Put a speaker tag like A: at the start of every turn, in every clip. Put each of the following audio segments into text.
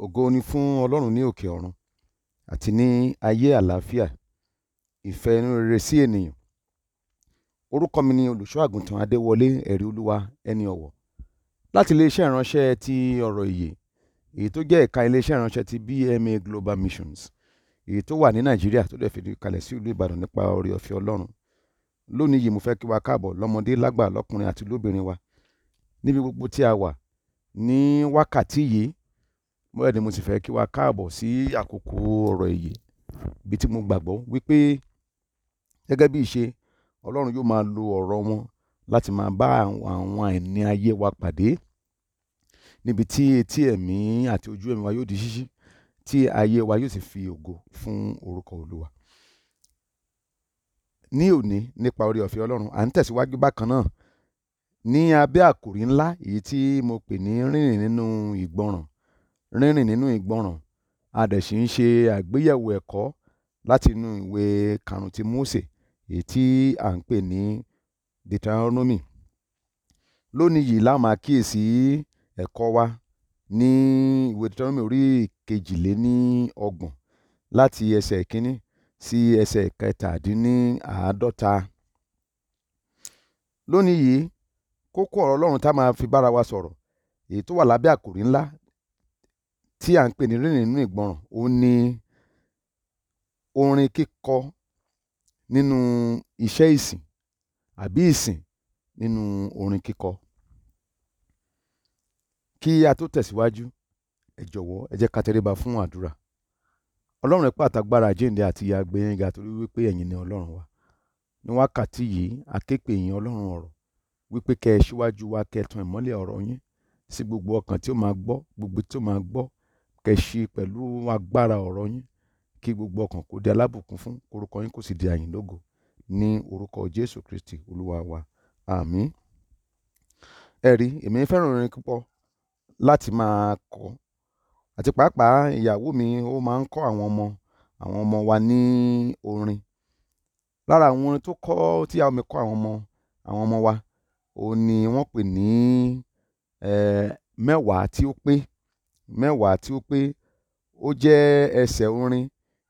A: ògo ni fún ọlọ́run ní òkè ọ̀run àti ní ayé àlàáfíà ìfẹ́ inú rere sí ènìyàn orúkọ mi ni olùṣọ́ àgùntàn adéwọlé ẹ̀rí olúwa ẹni ọ̀wọ̀ láti iléeṣẹ́ ìránṣẹ́ ti ọ̀rọ̀ ìyè èyí tó jẹ́ ẹ̀ka iléeṣẹ́ ìránṣẹ́ ti BMA Global Missions èyí tó wà ní nàìjíríà tó dẹ̀ fìdí kalẹ̀ sí ìlú ìbàdàn nípa oore ọ̀fẹ́ ọlọ́run lónìí yìí mo fẹ́ kí wa káàbọ̀ lọ́mọdé lágbà lọ́kùnrin àti lóbìnrin wa níbi gbogbo tí a wà ní wákàtí yìí bẹ́ẹ̀ ni mo sì fẹ́ kí wa káàbọ̀ sí àkókò ọ̀rọ̀ ìyè ibi tí mo gbàgbọ́ wípé gẹ́gẹ́ bí ìṣe Ọlọ́run yóò máa lo ọ̀rọ̀ wọn láti máa bá àwọn àìní ayé wa pàdé níbi tí etí ẹ̀mí àti ojú ẹ̀mí wa yóò di ṣíṣí tí ayé wa yóò sì fi ògo fún orúkọ Olúwa ní òní nípa oore ọ̀fẹ́ Ọlọ́run à ń tẹ̀síwájú bákan náà ní abẹ́ àkòrí ńlá èyí tí mo pè ní rírìn nínú ìgbọràn rínrìn nínú ìgbọràn a dẹ̀ ṣì ń ṣe àgbéyẹ̀wò ẹ̀kọ́ láti inú ìwé karùn-ún ti mósè èyí tí à ń pè ní deuteronomy lónìí yìí la máa kíyèsí ẹ̀kọ́ wa ní ìwé deuteronomy orí kejìléníọgbọ̀n láti ẹsẹ̀ kínní sí ẹsẹ̀ kẹtàdínníàádọ́ta lónìí yìí kókó ọ̀rọ̀ ọlọ́run tá a máa fi bára wa sọ̀rọ̀ èyí tó wà lábẹ́ àkòrí ńlá tí à ń pè ní rírìn nínú ìgbọràn òhun ni orin kíkọ nínú iṣẹ́ ìsìn àbí ìsìn nínú orin kíkọ. Kí a tó tẹ̀síwájú, ẹ jọ̀wọ́ ẹ jẹ́ ká tẹríba fún àdúrà. Ọlọ́run ipá àt'agbára àjíǹde àti ìyè a gbé yín ga torí wípé ẹ̀yin ni Ọlọ́run wa. Ní wákàtí yìí, a yín Ọlọ́run ọ̀rọ̀ wípé kẹ́ ẹ ṣíwájú wa kẹ́ ẹ tan ìmọ́lẹ̀ ọ̀rọ̀ yín sí gbogbo ọkàn tí ó máa gbọ́, gbogbo tí ó máa gbọ́ kẹ́ ẹ ṣí pẹ̀lú agbára ọ̀rọ̀ yín kí gbogbo ọkàn kó di alábùkún fún orúkọ yín kó sì di àyìn lógo ní orúkọ Jésù Kristi olúwa wa àmín. ẹ̀rí èmi fẹ́ràn orin púpọ̀ láti máa kọ àti pàápàá ìyàwó mi ó máa ń kọ́ àwọn ọmọ àwọn ọmọ wa ní orin lára àwọn orin tó kọ́ tí àwọn mi kọ́ àwọn ọmọ àwọn ọmọ wa òun ni wọ́n pè ní mẹ́wàá tí ó pé mẹ́wàá tí ó pé ó jẹ́ ẹsẹ̀ orin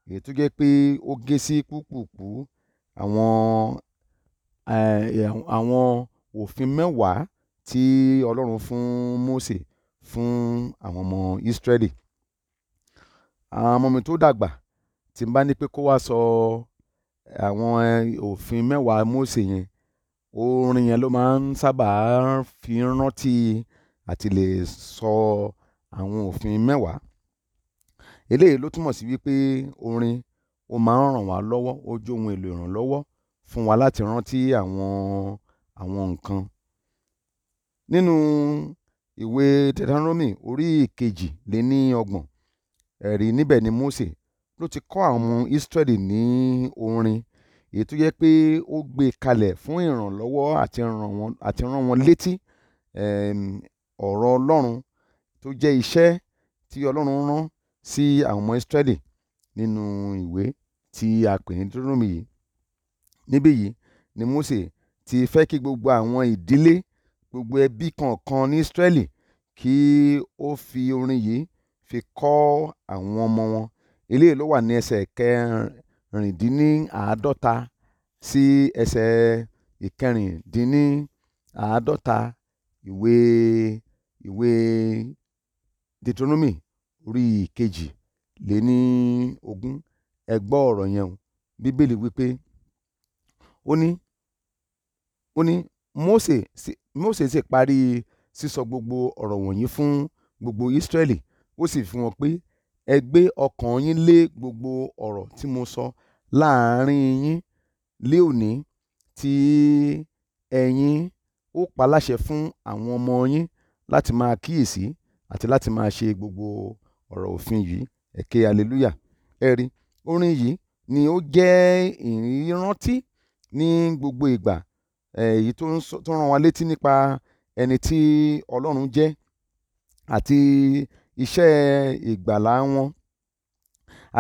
A: èyí tó jẹ́ pé ó gé sí pùpùpù eh, àwọn àwọn òfin mẹ́wàá tí ọlọ́run fún mósè fún àwọn ọmọ ísírẹ́lì àwọn ọmọ mi tó dàgbà tí n bá ní pé kó wá sọ àwọn eh, òfin mẹ́wàá mósè yẹn orin yẹn ló máa ń sábà fi rántí àti lè sọ àwọn òfin mẹ́wàá. Eléyìí ló túmọ̀ sí wípé orin ó máa ń ràn wá lọ́wọ́, ó jẹ́ ohun èlò ìrànlọ́wọ́ fún wa láti rántí àwọn àwọn nǹkan. Nínú ìwé Deuteronomy orí kejì-lé-ní-ọgbọ̀n, ẹ̀rí níbẹ̀ ni Mósè ló ti kọ́ àwọn ọmọ ní orin èyí tó jẹ́ pé ó gbé e kalẹ̀ fún ìrànlọ́wọ́ àti rán wọn létí ọ̀rọ̀ Ọlọ́run tó jẹ́ iṣẹ́ tí Ọlọ́run rán sí àwọn ọmọ Ísírẹ́lì nínú ìwé tí a pè ní Deuteronomy yìí. Níbí yìí ni Mósè ti fẹ́ kí gbogbo àwọn ìdílé gbogbo ẹbí kọ̀ọ̀kan ní Ísírẹ́lì kí ó fi orin yìí fi kọ́ àwọn ọmọ wọn eléyìí ló wà ní ẹsẹ̀ kẹrìndínláàádọ́ta sí ẹsẹ̀ ìkẹrìndínláàádọ́ta ìwé ìwé Deuteronomy orí ìkejì-lé-ní-ogún Ẹ gbọ́ ọ̀rọ̀ yẹn ó Bíbélì wí pé, ó ní ó ní Mose sì Mose sì parí sísọ gbogbo ọ̀rọ̀ wọ̀nyí fún gbogbo Israẹli ó sì fi wọn pé, “Ẹ gbé ọkàn yín lé gbogbo ọ̀rọ̀ tí mo sọ láàárín yín lé òní tí ẹ̀yin ó paláṣẹ fún àwọn ọmọ yín láti máa kíyèsí àti láti máa ṣe gbogbo ọ̀rọ̀ òfin yìí ẹ ké hallelujah ẹ rí orin yìí ni ó jẹ́ ìrántí ní gbogbo ìgbà èyí tó ń rán wa létí nípa ẹni tí ọlọ́run jẹ́ àti iṣẹ́ ìgbàlá wọn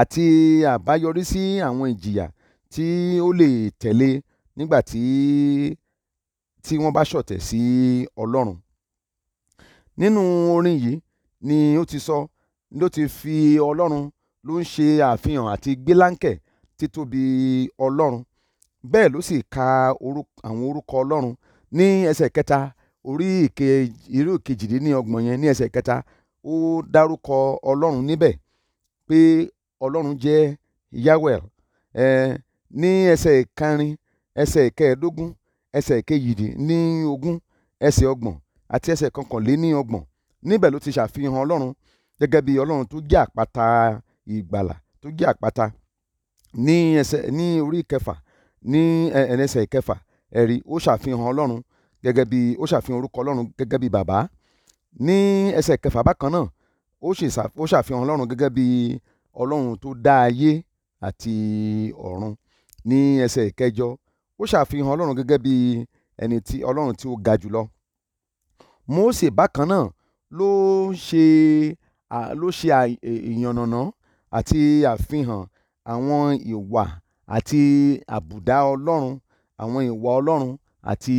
A: àti àbáyọrí sí àwọn ìjìyà tí ó lè tẹ̀lé nígbà tí wọ́n bá ṣọ̀tẹ̀ sí ọlọ́run nínú orin yìí ni ó ti sọ ló ti fi ọlọ́run ló ń ṣe àfihàn àti gbélàńkẹ́ títóbi ọlọ́run bẹ́ẹ̀ ló sì ka àwọn orúkọ ọlọ́run ní ẹsẹ̀ kẹta orí irú kejìdínlọ́gbọ̀n yẹn ní ẹsẹ̀ kẹta ó dárúkọ ọlọ́run níbẹ̀ pé ọlọ́run jẹ́ yawel ẹ ní ẹsẹ̀ kẹrin ẹsẹ̀ kẹẹ̀ẹ́dógún ẹsẹ̀ kejìdínlógún ẹsẹ̀ ọgbọ̀n àti ẹsẹ̀ kọkànléníọgbọ̀n níbẹ̀ ló ti ṣàfihàn ọlọ́run gẹ́gẹ́ bí ọlọ́run tó jẹ́ àpáta ìgbàlà tó jẹ́ àpáta ní ẹsẹ̀ ní orí kẹfà ní ẹsẹ̀ kẹfà ẹ̀rí ó ṣàfihàn ọlọ́run gẹ́gẹ́ bí ó ṣàfihàn orúkọ ọlọ́run gẹ́gẹ́ bí bàbá ní ẹsẹ̀ kẹfà bákan náà ó ṣàfihàn ọlọ́run gẹ́gẹ́ bí ọlọ́run tó dá ayé àti ọ̀run ní ẹsẹ̀ ìkẹjọ ó ṣàfihàn ọlọ́run gẹ́gẹ́ bí ẹni tí ọlọ́run tí ó ga jùlọ mósè bákan náà ló ṣe ló ṣe ìyànnàná àti àfihàn àwọn ìwà àti àbùdá ọlọ́run àwọn ìwà ọlọ́run àti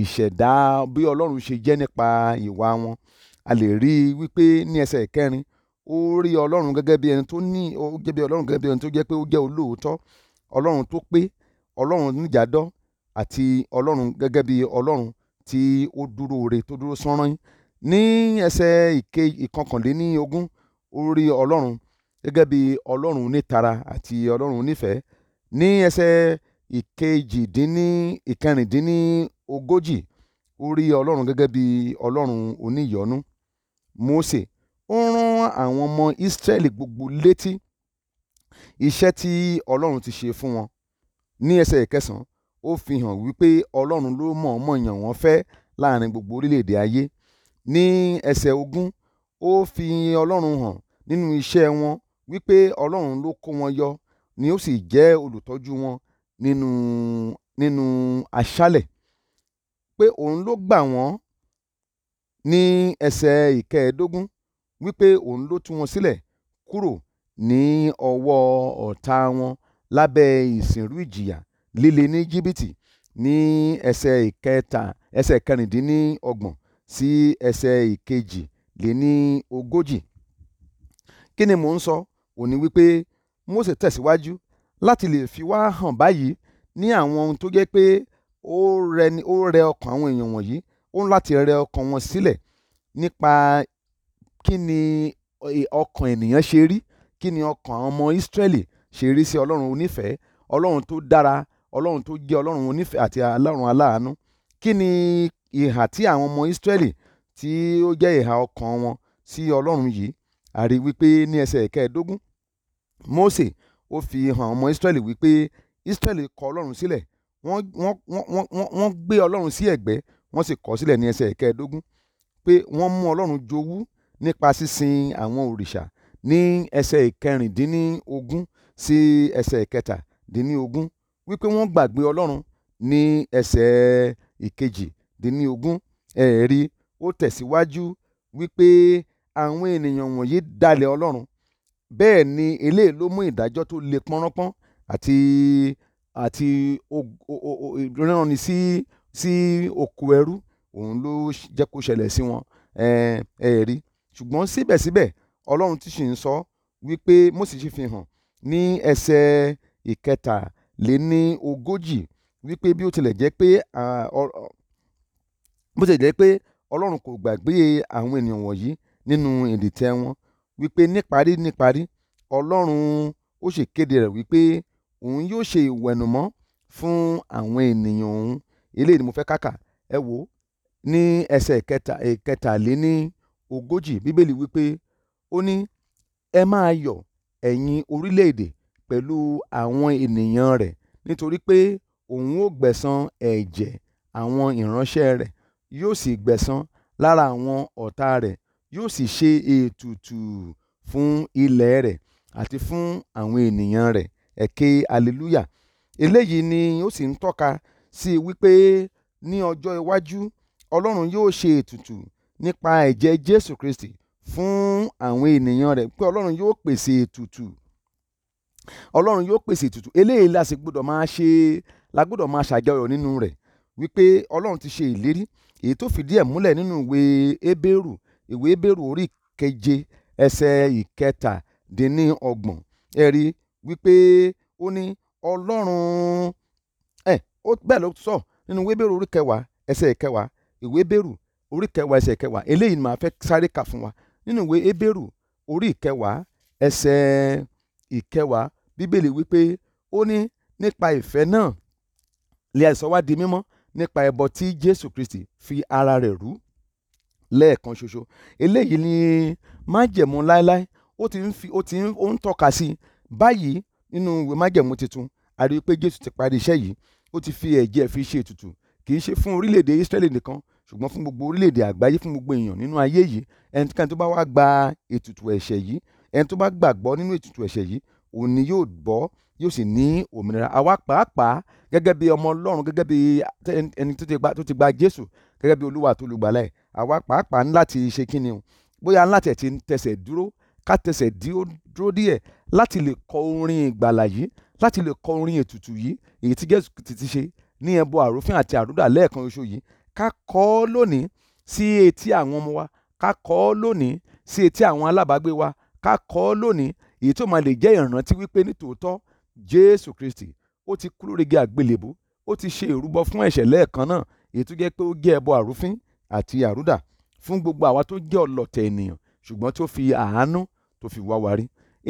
A: ìṣẹ̀dá bí ọlọ́run ṣe jẹ́ nípa ìwà wọn a lè rí i wípé ní ẹsẹ̀ kẹrin ó rí ọlọ́run gẹ́gẹ́ bí ẹni tó ní ó jẹ́ bí ọlọ́run gẹ́gẹ́ bí ẹni tó jẹ́ pé ó jẹ́ olóòótọ́ ọlọ́run tó pé ọlọ́run níjàdọ́ àti ọlọ́run gẹ́gẹ́ bí ọlọ́run tí ó dúró re tó dúró sánrán ní ẹsẹ̀ ìkọkànléníogún ó rí ọlọ́run gẹ́gẹ́ bí ọlọ́run nítara àti ọlọ́run nífẹ̀ẹ́ ní ẹsẹ̀ ìkejìdínní ìkẹrìndínní ogójì ó rí ọlọ́run gẹ́gẹ́ bí ọlọ́run oníyọ̀nú Mósè ó rán àwọn ọmọ Ísírẹ́lì gbogbo létí iṣẹ́ tí ọlọ́run ti ṣe fún wọn ní ẹsẹ̀ ìkẹsàn-án ó fi hàn wípé ọlọ́run ló mọ̀ọ́mọ̀ yàn wọ́n fẹ́ láàrin gbogbo orílẹ̀-èdè ayé ní ẹsẹ̀ ogún ó fi ọlọ́run hàn nínú iṣẹ́ wọn wípé ọlọ́run ló kó wọn yọ ni ó sì jẹ́ olùtọ́jú wọn nínú nínú aṣálẹ̀ pé òun ló gbà wọ́n ní ẹsẹ̀ ìkẹẹ̀ẹ́dógún wípé òun ló tú wọn sílẹ̀ kúrò ní ọwọ́ ọ̀tá wọn lábẹ́ ìsìnrú ìjìyà líle ní jìbìtì ní ẹsẹ̀ ìkẹta ẹsẹ̀ kẹrìndínlọ́gbọ̀n sí ẹsẹ̀ ìkejì lé ní ogójì kí ni mò ń sọ òní wípé Mósè tẹ̀síwájú láti lè fi wá hàn báyìí ní àwọn ohun tó jẹ́ pé ó rẹ ni ó rẹ ọkàn àwọn èèyàn wọ̀nyí ó ń láti rẹ ọkàn wọn sílẹ̀ nípa kí ni ọkàn ènìyàn ṣe rí kí ni ọkàn àwọn ọmọ Ísírẹ́lì ṣe rí sí Ọlọ́run onífẹ̀ẹ́ Ọlọ́run tó dára ọlọ́run tó jẹ́ ọlọ́run onífẹ̀ẹ́ àti ọlọ́run aláàánú kí ni ìhà tí àwọn ọmọ Ísírẹ́lì tí ó jẹ́ ìhà ọkàn wọn sí ọlọ́run yìí a rí wípé ní ẹsẹ̀ kẹẹ̀ẹ́dógún Mósè ó fi hàn ọmọ Ísírẹ́lì wípé Ísírẹ́lì kọ ọlọ́run sílẹ̀ wọ́n gbé ọlọ́run sí ẹ̀gbẹ́ wọ́n sì kọ̀ sílẹ̀ ní ẹsẹ̀ kẹẹ̀ẹ́dógún pé wọ́n mú ọlọ́run jowú nípa sísin àwọn òrìṣà ní ẹsẹ̀ ìkẹrìndínlógún sí ẹsẹ̀ ìkẹtàdínlógún wípé wọ́n gbàgbé ọlọ́run ní ẹsẹ̀ ìkejì-dín-ní-ogún ẹ̀rí ó tẹ̀síwájú wípé àwọn ènìyàn wọ̀nyí dalẹ̀ ọlọ́run bẹ́ẹ̀ ni eléyìí ló mú ìdájọ́ tó le pọ́nrọ́pọ́n àti àti ríránni sí sí oko ẹrú òun ló jẹ́ kó ṣẹlẹ̀ sí wọn ẹ̀rí ṣùgbọ́n síbẹ̀síbẹ̀ ọlọ́run ti sì ń sọ wípé Mósè sì fi hàn ní ẹsẹ̀ ìkẹta lé ní ogójì wípé bí ó tilẹ̀ jẹ́ pé bó tilẹ̀ jẹ́ pé ọlọ́run kò gbàgbé àwọn ènìyàn wọ̀nyí nínú ìdìtẹ̀ wọn wípé níparí níparí ọlọ́run ó sì kéde rẹ̀ wípé òun yóò ṣe ìwẹ̀nùmọ́ fún àwọn ènìyàn òun eléyìí ni mo fẹ́ kàkà ẹ wò ó ní ẹsẹ̀ kẹtàléní ogójì bíbélì wípé ó ní ẹ máa yọ̀ ẹ̀yin orílẹ̀-èdè pẹ̀lú àwọn ènìyàn rẹ̀ nítorí pé òun ó gbẹ̀san ẹ̀jẹ̀ àwọn ìránṣẹ́ rẹ̀ yóò sì gbẹ̀san lára àwọn ọ̀tá rẹ̀ yóò sì ṣe ètùtù fún ilẹ̀ rẹ̀ àti fún àwọn ènìyàn rẹ̀ ẹ ké eléyìí ni ó sì ń tọ́ka sí wípé ní ọjọ́ iwájú ọlọ́run yóò ṣe ètùtù nípa ẹ̀jẹ̀ jésù kristi fún àwọn ènìyàn rẹ̀ pé ọlọ́run yóò pèsè ètùtù ọlọ́run yóò pèsè ètùtù eléyìí la sì gbọ́dọ̀ máa ṣe la gbọ́dọ̀ máa ṣàjọyọ̀ nínú rẹ̀ wípé ọlọ́run ti ṣe ìlérí èyí tó fìdí ẹ̀ múlẹ̀ nínú ìwé ebéèrù ìwé ebéèrù orí keje ẹsẹ̀ ìkẹtàdínníọgbọ̀n ẹ rí wípé ó ní ọlọ́run ẹ ó bẹ́ẹ̀ ló sọ nínú ìwé ebéèrù orí kẹwàá ẹsẹ̀ ìkẹwàá ìwé ebéèrù orí kẹwàá ẹsẹ̀ ìkẹwàá eléyìí ni màá fẹ́ sáré kà fún wa nínú ìwé ebéèrù orí ìkẹwàá ẹsẹ̀ ìkẹwàá bíbélì wípé ó ní nípa ìfẹ́ náà lè a sọ wá di mímọ́ nípa ẹbọ tí jésù kristi fi ara rẹ̀ rú lẹ́ẹ̀kan ṣoṣo eléyìí ni májẹ̀mú láéláé ó ti ń fi ó ti ń ó ń tọ́ka sí báyìí nínú ìwé májẹ̀mú tuntun a rí i pé jésù ti parí iṣẹ́ yìí ó ti fi ẹ̀jẹ̀ fi ṣe ètùtù kì í ṣe fún orílẹ̀-èdè israẹli nìkan ṣùgbọ́n fún gbogbo orílẹ̀-èdè àgbáyé fún gbogbo èèyàn nínú ayé yìí ẹnikẹ́ni tó bá wá gba ètùtù ẹ̀ṣẹ̀ yìí ẹni tó bá gbàgbọ́ nínú ètùtù ẹ̀ṣẹ̀ yìí òun ni yóò bọ́ yóò sì ní òmìnira àwa pàápàá gẹ́gẹ́ bí ọmọ ọlọ́run gẹ́gẹ́ bí ẹni tó ti gba jésù gẹ́gẹ́ bí olúwa tó lùgbàlà àwa pàápàá ńlá ti ṣe kí ni o bóyá ńlá tẹ̀ ti ń tẹsẹ̀ dúró ká tẹsẹ̀ dúró díẹ̀ láti lè kọ orin ìgbàlà yìí láti lè kọ orin ètùtù yìí èyí tí jésù ti ti ṣe ní ẹbọ àròfin àti àrúdà lẹ́ẹ̀kan oṣù yìí ká kọ ọ́ lónìí sí etí àwọn ọmọ wa ká kọ ọ́ lónìí sí etí àwọn alábàágbé wa ká kọ ọ́ lónìí èyí tó máa lè jẹ́ ìrántí wípé nítòótọ́ jésù kristi ó ti kú lórí igi àgbélébó ó ti ṣe ìrúbọ fún ẹ̀ṣẹ̀ lẹ́ẹ̀kan náà èyí tó jẹ́ pé ó jẹ́ ẹbọ àrúfín àti àrúdà fún gbogbo àwa tó jẹ́ ọlọ̀tẹ̀ ènìyàn ṣùgbọ́n tó fi àánú tó fi wá wa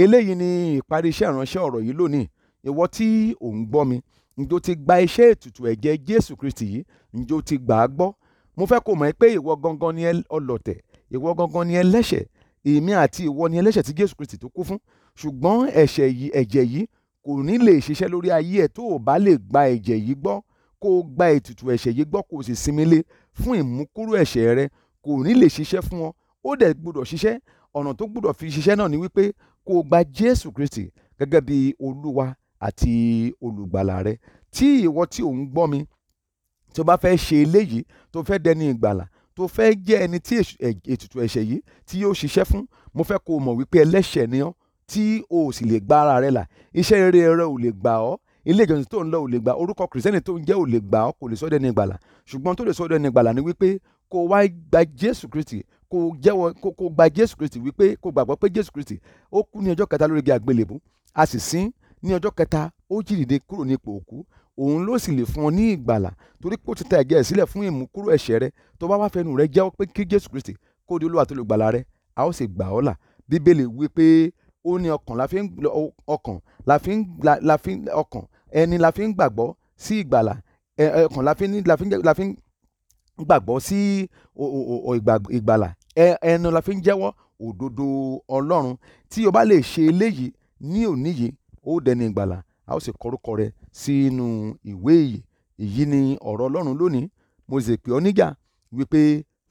A: eléyìí ni ìparí iṣẹ́ ìránṣẹ́ ọ̀rọ̀ yìí lónìí ìwọ tí ò ń gbọ́ mi njó ti gba iṣẹ́ ètùtù ẹ̀jẹ̀ jésù kristi yìí njó ti gbà á gbọ́ mo fẹ́ kó mọ̀ pé ìwọ gangan ni ọlọ̀tẹ̀ ìwọ gangan ni ẹlẹ́ṣẹ̀ èmi àti ìwọ ni ẹlẹ́ṣẹ̀ tí Jésù Kristi tó kú fún ṣùgbọ́n ẹ̀ṣẹ̀ yìí ẹ̀jẹ̀ yìí kò ní lè ṣiṣẹ́ lórí ayé ẹ̀ tó o bá lè gba ẹ̀jẹ̀ yìí gbọ́ kó o gba ètùtù ẹ̀ṣẹ̀ yìí gbọ́ kó o sì sinmi lé fún ìmúkúrò ẹ̀ṣẹ̀ rẹ kò ní lè ṣiṣẹ́ fún ọ ó dẹ̀ gbọ́dọ̀ ṣiṣẹ́ ọ̀nà tó gbọ́dọ̀ fi ṣiṣẹ́ náà ni wípé kó o gba Jésù Kristi gẹ́gẹ́ bí olúwa àti olùgbàlà rẹ tí ìwọ tí ò ń gbọ́ mi tó bá fẹ́ ṣe eléyìí tó fẹ́ dẹni ìgbàlà tó fẹ́ jẹ́ ẹni tí ètùtù ẹ̀ṣẹ̀ yìí tí yóò ṣiṣẹ́ fún mo fẹ́ kó o mọ̀ wípé ẹlẹ́ṣẹ̀ ni ọ́ tí o sì lè gba ara rẹ là iṣẹ́ rere rẹ ò lè gbà ọ́ ilé ìjọsìn tó ń lọ ò lè gbà orúkọ kìrìsìtẹ́nì tó ń jẹ́ ò lè gbà ọ́ kò lè sọ́dọ̀ ẹni ìgbàlà ṣùgbọ́n tó lè sọ́dọ̀ ẹni ìgbàlà ni wípé kó wá gba Jésù Kristi kó jẹ́wọ́ kó gba Jésù Kristi wípé kó gbàgbọ́ pé Jésù Kristi ó kú ní ọjọ́ kẹta lórí igi àgbélébú a sì sin ní ọjọ́ kẹta ó jí dìde kúrò ní ipò òkú òun ló sì lè fún ọ ní ìgbàlà torí pé ó ti ta ẹ̀jẹ̀ sílẹ̀ fún ìmúkúrò ẹ̀ṣẹ̀ rẹ tó bá wá fẹnu rẹ jẹ́wọ́ pé kí jésù kristi kó di olúwa tó lè gbàlà rẹ a ó sì gbà ọ́ là bíbélì wí pé ó ní ọkàn la fi ń ọkàn la fi ń la fi ń ọkàn ẹni la fi ń gbàgbọ́ sí ìgbàlà ọkàn la fi ń la fi ń la fi ń gbàgbọ́ sí ìgbàlà ẹnu la fi ń jẹ́wọ́ òdodo ọlọ́run tí o bá lè ṣe eléyìí ní òní ó dẹni ìgbàlà a ó sì kọ orúkọ rẹ sínú ìwé ìyè èyí ni ọ̀rọ̀ ọlọ́run lónìí mo sì pè ọ́ níjà wípé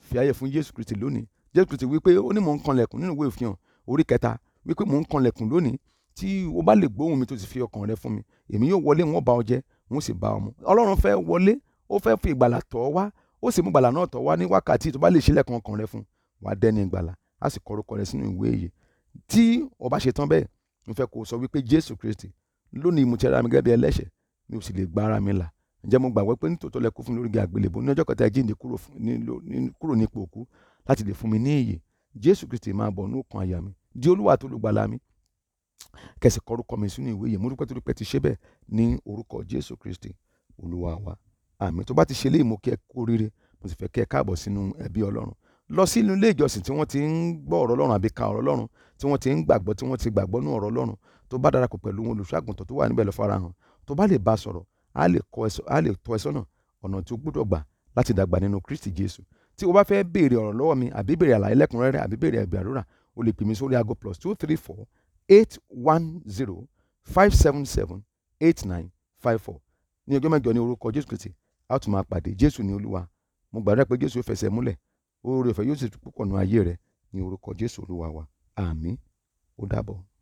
A: fi ayé fún jésù kristi lónìí jésù kristi wípé ó ní mò ń kanlẹ̀kùn nínú ìwé ìfihàn orí kẹta wípé mò ń kanlẹ̀kùn lónìí tí o bá lè gbóhùn mi tó sì fi ọkàn rẹ fún mi èmi yóò wọlé wọn bá ọ jẹ wọn sì bá ọ mu ọlọ́run fẹ́ wọlé ó fẹ́ fi ìgbàlà tọ̀ wá ó sì mú ìgbàlà náà tọ̀ wá ní wákàtí tó bá lè ṣílẹ̀kùn ọkàn rẹ fún wàá dẹ́ni ìgbàlà á sì kọ orúkọ rẹ sínú ìwé ìyè tí o bá bẹ́ẹ̀ mo fẹ́ kó sọ wípé jésù kristi lónìí mo ti ara mi gẹ́gẹ́ bí ẹlẹ́ṣẹ̀ mi ò sì lè gba ara mi là ǹjẹ́ mo gbàgbọ́ pé nítòótọ́ lẹ kú fún mi lórí igi àgbélébùú ní ọjọ́ kẹta ẹ jíǹde kúrò nípò òkú láti lè fún mi ní ìyè jésù kristi máa bọ̀ ní ọkàn àyà mi di olúwa tó lùgbàlà mi kẹsì kọ orúkọ mi sínú ìwé yìí mo dúpẹ́ torí pé ti ṣe bẹ́ẹ̀ ní orúkọ jésù kristi olúwa wa àmín tó bá ti ṣe léèmọ kí ẹ kú oríire mo sì fẹ́ kí ẹ káàbọ̀ sínú ẹbí ọlọ́run lọ sí inú ilé ìjọsìn tí wọ́n ti ń gbọ́ ọ̀rọ̀ ọlọ́run àbí ka ọ̀rọ̀ ọlọ́run tí wọ́n ti ń gbàgbọ́ tí wọ́n ti gbàgbọ́ nú ọ̀rọ̀ ọlọ́run tó bá darapọ̀ pẹ̀lú ohun olùṣọ́àgùntàn tó wà níbẹ̀ lọ farahàn tó bá lè bá a sọ̀rọ̀ á lè tọ́ ẹ sọ́nà ọ̀nà tí ó gbọ́dọ̀ gbà láti dàgbà nínú Kristi Jésù tí o bá fẹ́ béèrè ọ̀rọ̀ lọ́wọ́ mi àbí béèrè àlàyé lẹ́kùnrẹ́rẹ́ àbí béèrè ẹ̀bẹ̀ àdúrà o lè pè mí sórí aago plus two three four eight one zero five seven seven eight nine five four ní ọjọ́ mẹ́jọ ní orúkọ Jésù Kristi a ó tún máa pàdé Jésù ní Olúwa mo gbàdúrà pé Jésù yóò fẹsẹ̀ múlẹ̀ oore ọ̀fẹ́ yóò sì púpọ̀ nù ayé rẹ ní orúkọ Jésù Olúwa wa àmín ó dàbọ̀.